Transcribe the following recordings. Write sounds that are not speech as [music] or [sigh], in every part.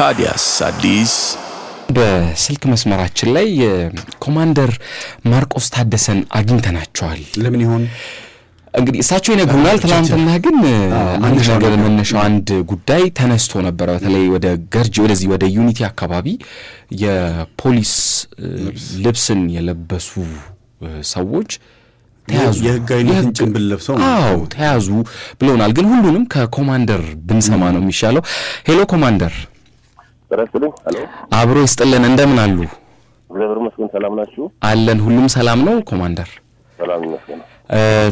ታዲያስ አዲስ በስልክ መስመራችን ላይ ኮማንደር ማርቆስ ታደሰን አግኝተናቸዋል። ለምን ይሆን እንግዲህ እሳቸው ይነግሩናል። ትናንትና ግን አንድ ነገር መነሻው አንድ ጉዳይ ተነስቶ ነበረ። በተለይ ወደ ገርጂ ወደዚህ ወደ ዩኒቲ አካባቢ የፖሊስ ልብስን የለበሱ ሰዎች ተያዙ፣ የህጋዊነትን ጭንብል ለብሰው አዎ ተያዙ ብለውናል። ግን ሁሉንም ከኮማንደር ብንሰማ ነው የሚሻለው። ሄሎ ኮማንደር ጥረስልኝ አብሮ ይስጥልን። እንደምን አሉ? እግዚአብሔር ይመስገን። ሰላም ናችሁ? አለን። ሁሉም ሰላም ነው ኮማንደር። ሰላም ይመስገን።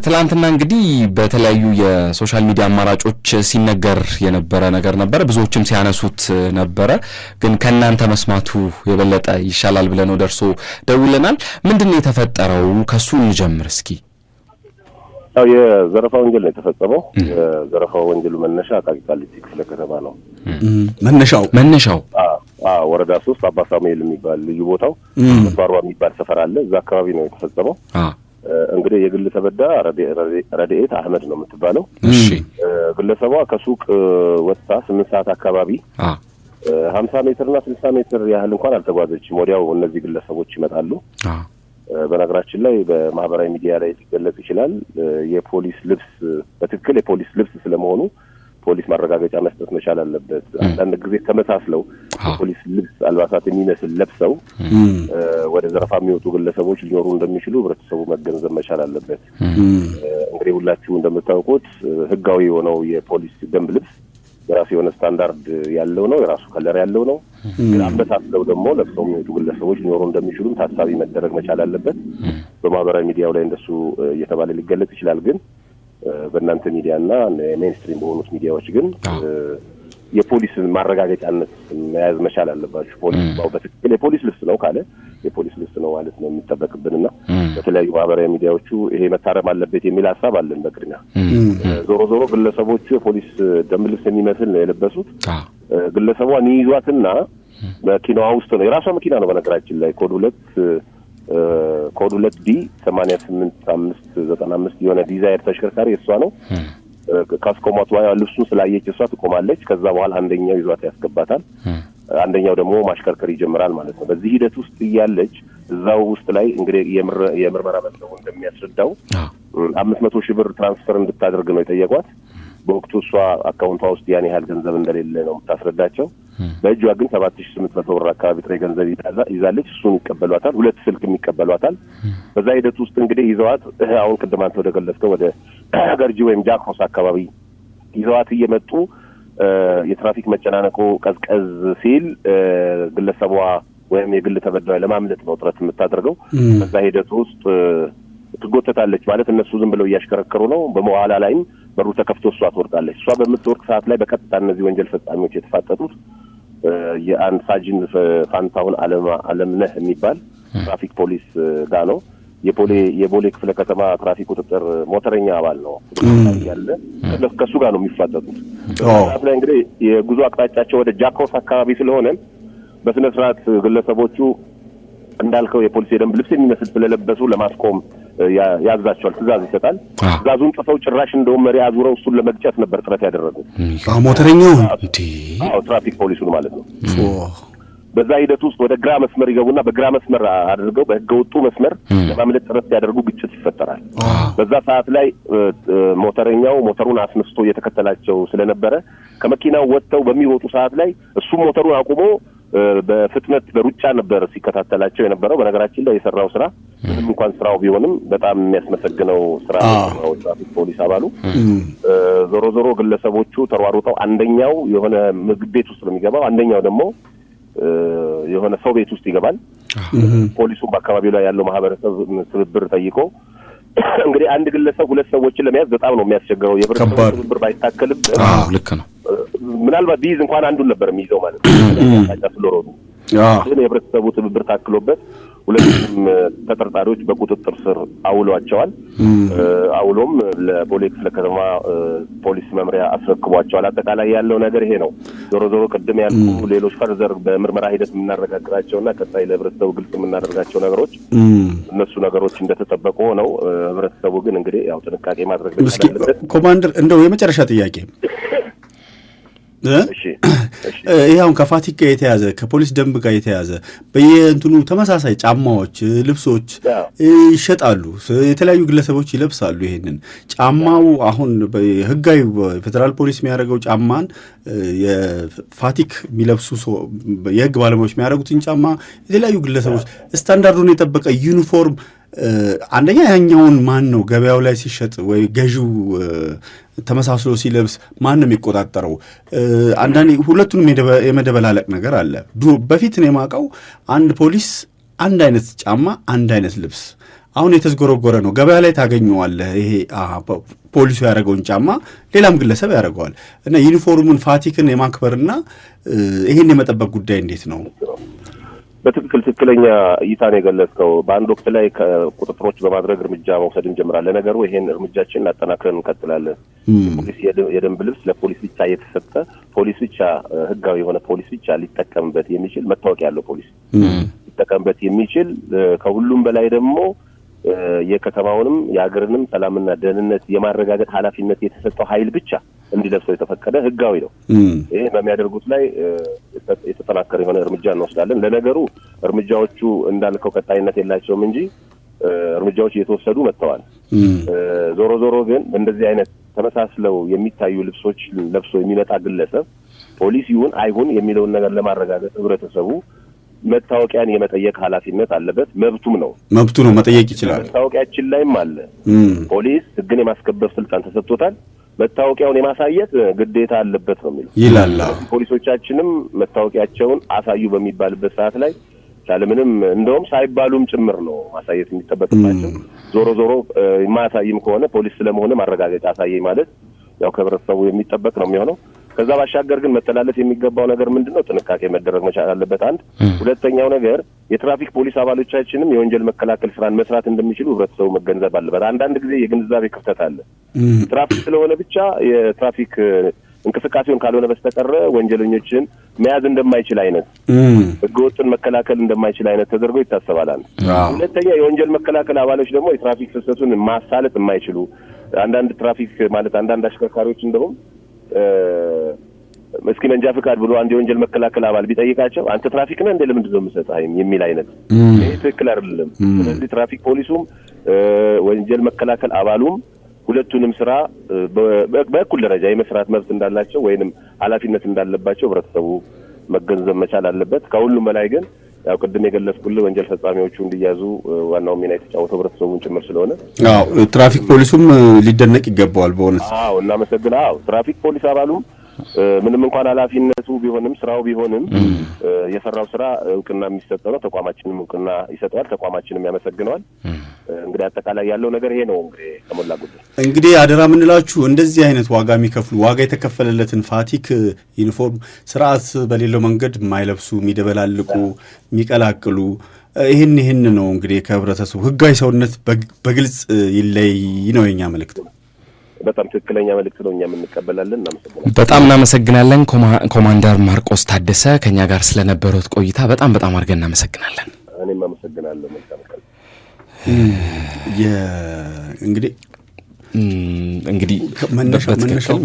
ትላንትና እንግዲህ በተለያዩ የሶሻል ሚዲያ አማራጮች ሲነገር የነበረ ነገር ነበረ፣ ብዙዎችም ሲያነሱት ነበረ። ግን ከእናንተ መስማቱ የበለጠ ይሻላል ብለን ወደ ደውልናል። ደውለናል። ምንድን ነው የተፈጠረው? ከሱ እንጀምር እስኪ ያው የዘረፋ ወንጀል ነው የተፈጸመው። የዘረፋ ወንጀሉ መነሻ አቃቂ ቃሊቲ ክፍለ ከተማ ነው። መነሻው መነሻው ወረዳ ሶስት አባ ሳሙኤል የሚባል ልዩ ቦታው ባርባ የሚባል ሰፈር አለ። እዛ አካባቢ ነው የተፈጸመው። እንግዲህ የግል ተበዳ ረድኤት አህመድ ነው የምትባለው ግለሰቧ ከሱቅ ወጥታ ስምንት ሰዓት አካባቢ ሀምሳ እና ስልሳ ሜትር ያህል እንኳን አልተጓዘችም። ወዲያው እነዚህ ግለሰቦች ይመጣሉ። በነገራችን ላይ በማህበራዊ ሚዲያ ላይ ሊገለጽ ይችላል። የፖሊስ ልብስ በትክክል የፖሊስ ልብስ ስለመሆኑ ፖሊስ ማረጋገጫ መስጠት መቻል አለበት። አንዳንድ ጊዜ ተመሳስለው የፖሊስ ልብስ አልባሳት የሚመስል ለብሰው ወደ ዘረፋ የሚወጡ ግለሰቦች ሊኖሩ እንደሚችሉ ህብረተሰቡ መገንዘብ መቻል አለበት። እንግዲህ ሁላችሁ እንደምታውቁት ህጋዊ የሆነው የፖሊስ ደንብ ልብስ የራሱ የሆነ ስታንዳርድ ያለው ነው። የራሱ ከለር ያለው ነው። ግን አበሳስለው ደግሞ ለብሰው የሚወጡ ግለሰቦች ሊኖሩ እንደሚችሉም ታሳቢ መደረግ መቻል አለበት። በማህበራዊ ሚዲያው ላይ እንደሱ እየተባለ ሊገለጽ ይችላል። ግን በእናንተ ሚዲያና ሜንስትሪም በሆኑት ሚዲያዎች ግን የፖሊስ ማረጋገጫነት መያዝ መቻል አለባቸው። ፖሊስ በትክክል የፖሊስ በተለያዩ ማህበራዊ ሚዲያዎቹ ይሄ መታረም አለበት የሚል ሀሳብ አለን። በቅድሚያ ዞሮ ዞሮ ግለሰቦቹ የፖሊስ ደንብ ልብስ የሚመስል ነው የለበሱት። ግለሰቧ ይዟትና መኪናዋ ውስጥ ነው የራሷ መኪና ነው በነገራችን ላይ ኮድ ሁለት ኮድ ሁለት ዲ ሰማንያ ስምንት አምስት ዘጠና አምስት የሆነ ዲዛይር ተሽከርካሪ እሷ ነው ካስቆሟት በኋላ ልብሱን ስላየች እሷ ትቆማለች። ከዛ በኋላ አንደኛው ይዟት ያስገባታል፣ አንደኛው ደግሞ ማሽከርከር ይጀምራል ማለት ነው። በዚህ ሂደት ውስጥ እያለች እዛው ውስጥ ላይ እንግዲህ የምርመራ መዝገቡ እንደሚያስረዳው አምስት መቶ ሺህ ብር ትራንስፈር እንድታደርግ ነው የጠየቋት። በወቅቱ እሷ አካውንቷ ውስጥ ያን ያህል ገንዘብ እንደሌለ ነው የምታስረዳቸው። በእጇ ግን ሰባት ሺ ስምንት መቶ ብር አካባቢ ጥሬ ገንዘብ ይዛለች። እሱን ይቀበሏታል፣ ሁለት ስልክም ይቀበሏታል። በዛ ሂደት ውስጥ እንግዲህ ይዘዋት አሁን ቅድም አንተ ወደ ገለጽከው ወደ [clears throat] ገርጂ ወይም ጃክሮስ አካባቢ ይዘዋት እየመጡ የትራፊክ መጨናነቁ ቀዝቀዝ ሲል ግለሰቧ ወይም የግል ተበዳይ ለማምለጥ ነው ጥረት የምታደርገው። በዛ ሂደት ውስጥ ትጎተታለች ማለት እነሱ ዝም ብለው እያሽከረከሩ ነው። በመዋላ ላይም በሩ ተከፍቶ እሷ ትወርቃለች። እሷ በምትወርቅ ሰዓት ላይ በቀጥታ እነዚህ ወንጀል ፈጻሚዎች የተፋጠጡት የአንድ ሳጅን ፋንታሁን አለምነህ የሚባል ትራፊክ ፖሊስ ጋ ነው። የቦሌ ክፍለ ከተማ ትራፊክ ቁጥጥር ሞተረኛ አባል ነው ያለ ከሱ ጋር ነው የሚፋጠጡት። ሰዓት ላይ እንግዲህ የጉዞ አቅጣጫቸው ወደ ጃኮስ አካባቢ ስለሆነ በስነ ስርዓት ግለሰቦቹ እንዳልከው የፖሊስ የደንብ ልብስ የሚመስል ስለለበሱ ለማስቆም ያዛቸዋል። ትእዛዝ ይሰጣል። ትእዛዙን ጥሰው ጭራሽ እንደውም መሪ አዙረው እሱን ለመግጨት ነበር ጥረት ያደረጉት ሞተረኛውን፣ ትራፊክ ፖሊሱን ማለት ነው። በዛ ሂደት ውስጥ ወደ ግራ መስመር ይገቡና በግራ መስመር አድርገው በህገ ወጡ መስመር ለማምለጥ ጥረት ሲያደርጉ ግጭት ይፈጠራል። በዛ ሰዓት ላይ ሞተረኛው ሞተሩን አስነስቶ እየተከተላቸው ስለነበረ ከመኪናው ወጥተው በሚወጡ ሰዓት ላይ እሱም ሞተሩን አቁሞ በፍጥነት በሩጫ ነበር ሲከታተላቸው የነበረው። በነገራችን ላይ የሰራው ስራ ምንም እንኳን ስራው ቢሆንም በጣም የሚያስመሰግነው ስራ ትራፊክ ፖሊስ አባሉ። ዞሮ ዞሮ ግለሰቦቹ ተሯሩጠው አንደኛው የሆነ ምግብ ቤት ውስጥ ነው የሚገባው፣ አንደኛው ደግሞ የሆነ ሰው ቤት ውስጥ ይገባል። ፖሊሱም በአካባቢው ላይ ያለው ማህበረሰብ ትብብር ጠይቆ [coughs] እንግዲህ አንድ ግለሰብ ሁለት ሰዎችን ለመያዝ በጣም ነው የሚያስቸግረው። የህብረተሰቡ ትብብር ባይታከልም ልክ ነው ምናልባት ቢይዝ እንኳን አንዱን ነበር የሚይዘው ማለት ነው። ፍሎሮዱ [clears throat] ግን የህብረተሰቡ ትብብር ታክሎበት ሁለቱም ተጠርጣሪዎች በቁጥጥር ስር አውሏቸዋል። አውሎም ለቦሌ ክፍለ ከተማ ፖሊስ መምሪያ አስረክቧቸዋል። አጠቃላይ ያለው ነገር ይሄ ነው። ዞሮ ዞሮ ቅድም ያልኩ ሌሎች ፈርዘር በምርመራ ሂደት የምናረጋግራቸውና ቀጣይ ለህብረተሰቡ ግልጽ የምናደርጋቸው ነገሮች እነሱ ነገሮች እንደተጠበቁ ሆነው ህብረተሰቡ ግን እንግዲህ ያው ጥንቃቄ ማድረግ ኮማንደር እንደው የመጨረሻ ጥያቄ ይህ አሁን ከፋቲክ ጋር የተያዘ ከፖሊስ ደንብ ጋር የተያዘ በየእንትኑ ተመሳሳይ ጫማዎች፣ ልብሶች ይሸጣሉ። የተለያዩ ግለሰቦች ይለብሳሉ። ይሄንን ጫማው አሁን ህጋዊ ፌዴራል ፖሊስ የሚያደርገው ጫማን የፋቲክ የሚለብሱ የህግ ባለሙያዎች የሚያደርጉትን ጫማ የተለያዩ ግለሰቦች ስታንዳርዱን የጠበቀ ዩኒፎርም አንደኛ ያኛውን ማን ነው ገበያው ላይ ሲሸጥ ወይ ገዢው ተመሳስሎ ሲለብስ ማን ነው የሚቆጣጠረው? አንዳንዴ ሁለቱንም የመደበላለቅ ነገር አለ። ድሮ በፊት ነው የማውቀው አንድ ፖሊስ አንድ አይነት ጫማ፣ አንድ አይነት ልብስ። አሁን የተዝጎረጎረ ነው። ገበያ ላይ ታገኘዋለህ። ይሄ ፖሊሱ ያደረገውን ጫማ ሌላም ግለሰብ ያደርገዋል እና ዩኒፎርሙን ፋቲክን የማክበርና ይሄን የመጠበቅ ጉዳይ እንዴት ነው? በትክክል ትክክለኛ እይታን ነው የገለጽከው። በአንድ ወቅት ላይ ከቁጥጥሮች በማድረግ እርምጃ መውሰድ እንጀምራለን። ነገሩ ይሄን እርምጃችንን አጠናክረን እንቀጥላለን። ፖሊስ የደንብ ልብስ ለፖሊስ ብቻ እየተሰጠ ፖሊስ ብቻ ህጋዊ የሆነ ፖሊስ ብቻ ሊጠቀምበት የሚችል መታወቂያ ያለው ፖሊስ ሊጠቀምበት የሚችል ከሁሉም በላይ ደግሞ የከተማውንም የሀገርንም ሰላምና ደህንነት የማረጋገጥ ኃላፊነት የተሰጠው ኃይል ብቻ እንዲለብሰው የተፈቀደ ህጋዊ ነው። ይህ በሚያደርጉት ላይ የተጠናከረ የሆነ እርምጃ እንወስዳለን። ለነገሩ እርምጃዎቹ እንዳልከው ቀጣይነት የላቸውም እንጂ እርምጃዎች እየተወሰዱ መጥተዋል። ዞሮ ዞሮ ግን እንደዚህ አይነት ተመሳስለው የሚታዩ ልብሶች ለብሶ የሚመጣ ግለሰብ ፖሊስ ይሁን አይሁን የሚለውን ነገር ለማረጋገጥ ህብረተሰቡ መታወቂያን የመጠየቅ ኃላፊነት አለበት። መብቱም ነው መብቱ ነው መጠየቅ ይችላል። መታወቂያችን ላይም አለ። ፖሊስ ህግን የማስከበር ስልጣን ተሰጥቶታል። መታወቂያውን የማሳየት ግዴታ አለበት ነው የሚለው ይላል። ፖሊሶቻችንም መታወቂያቸውን አሳዩ በሚባልበት ሰዓት ላይ ያለምንም እንደውም ሳይባሉም ጭምር ነው ማሳየት የሚጠበቅባቸው። ዞሮ ዞሮ የማያሳይም ከሆነ ፖሊስ ስለመሆነ ማረጋገጫ አሳየኝ ማለት ያው ከህብረተሰቡ የሚጠበቅ ነው የሚሆነው። ከዛ ባሻገር ግን መተላለፍ የሚገባው ነገር ምንድን ነው? ጥንቃቄ መደረግ መቻል አለበት። አንድ ሁለተኛው ነገር የትራፊክ ፖሊስ አባሎቻችንም የወንጀል መከላከል ስራን መስራት እንደሚችሉ ህብረተሰቡ መገንዘብ አለበት። አንዳንድ ጊዜ የግንዛቤ ክፍተት አለ። ትራፊክ ስለሆነ ብቻ የትራፊክ እንቅስቃሴውን ካልሆነ በስተቀረ ወንጀለኞችን መያዝ እንደማይችል አይነት ህገወጥን መከላከል እንደማይችል አይነት ተደርጎ ይታሰባላል። ሁለተኛ የወንጀል መከላከል አባሎች ደግሞ የትራፊክ ፍሰቱን ማሳለጥ የማይችሉ አንዳንድ ትራፊክ ማለት አንዳንድ አሽከርካሪዎች እንደውም እስኪ መንጃ ፍቃድ ብሎ አንድ የወንጀል መከላከል አባል ቢጠይቃቸው አንተ ትራፊክ ነህ እንደ ለምንድን ነው የምሰጥህ የሚል አይነት ይህ ትክክል አይደለም። ስለዚህ ትራፊክ ፖሊሱም ወንጀል መከላከል አባሉም ሁለቱንም ስራ በእኩል ደረጃ የመስራት መብት እንዳላቸው ወይንም ኃላፊነት እንዳለባቸው ህብረተሰቡ መገንዘብ መቻል አለበት። ከሁሉም በላይ ግን ያው ቅድም የገለጽኩልህ ወንጀል ፈጻሚዎቹ እንዲያዙ ዋናው ሚና የተጫወተው ህብረተሰቡን ጭምር ስለሆነ ትራፊክ ፖሊሱም ሊደነቅ ይገባዋል። በእውነት አዎ፣ እናመሰግን። ትራፊክ ፖሊስ አባሉም ምንም እንኳን ኃላፊነቱ ቢሆንም ስራው ቢሆንም የሰራው ስራ እውቅና የሚሰጠው ነው። ተቋማችንም እውቅና ይሰጠዋል፣ ተቋማችንም ያመሰግነዋል። እንግዲህ አጠቃላይ ያለው ነገር ይሄ ነው። እንግዲህ ከሞላ ጎደል እንግዲህ አደራ የምንላችሁ እንደዚህ አይነት ዋጋ የሚከፍሉ ዋጋ የተከፈለለትን ፋቲክ ዩኒፎርም ስርዓት በሌለው መንገድ የማይለብሱ የሚደበላልቁ፣ የሚቀላቅሉ ይህን ይህን ነው እንግዲህ ከህብረተሰቡ ህጋዊ ሰውነት በግልጽ ይለይ ነው የኛ መልእክት። በጣም ትክክለኛ መልእክት ነው። እኛም እንቀበላለን። እናመሰግናለን። በጣም እናመሰግናለን። ኮማንደር ማርቆስ ታደሰ ከእኛ ጋር ስለነበሩት ቆይታ በጣም በጣም አድርገን እናመሰግናለን። እኔም አመሰግናለሁ። እንግዲህ እንግዲህ መነሻው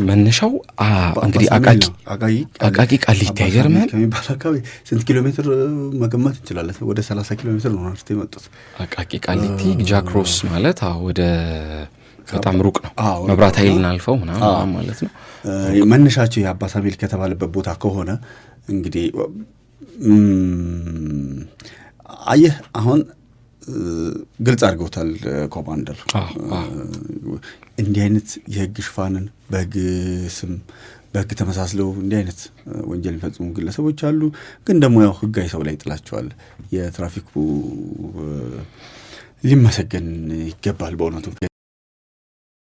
እንግዲህ አቃቂ አቃቂ ቃሊቲ አይገርምህም ከሚባል አካባቢ ስንት ኪሎ ሜትር መገመት እንችላለን? ወደ ሰላሳ ኪሎ ሜትር ነው ናርት የመጡት። አቃቂ ቃሊቲ ጃክሮስ ማለት ወደ በጣም ሩቅ ነው። መብራት ኃይል እናልፈው ምናምን ማለት ነው። መነሻቸው የአባሳቤል ከተባለበት ቦታ ከሆነ እንግዲህ አየህ አሁን ግልጽ አድርገውታል ኮማንደር። እንዲህ አይነት የህግ ሽፋንን በህግ ስም በህግ ተመሳስለው እንዲህ አይነት ወንጀል የሚፈጽሙ ግለሰቦች አሉ። ግን ደግሞ ያው ህጋዊ ሰው ላይ ይጥላቸዋል። የትራፊኩ ሊመሰገን ይገባል በእውነቱ።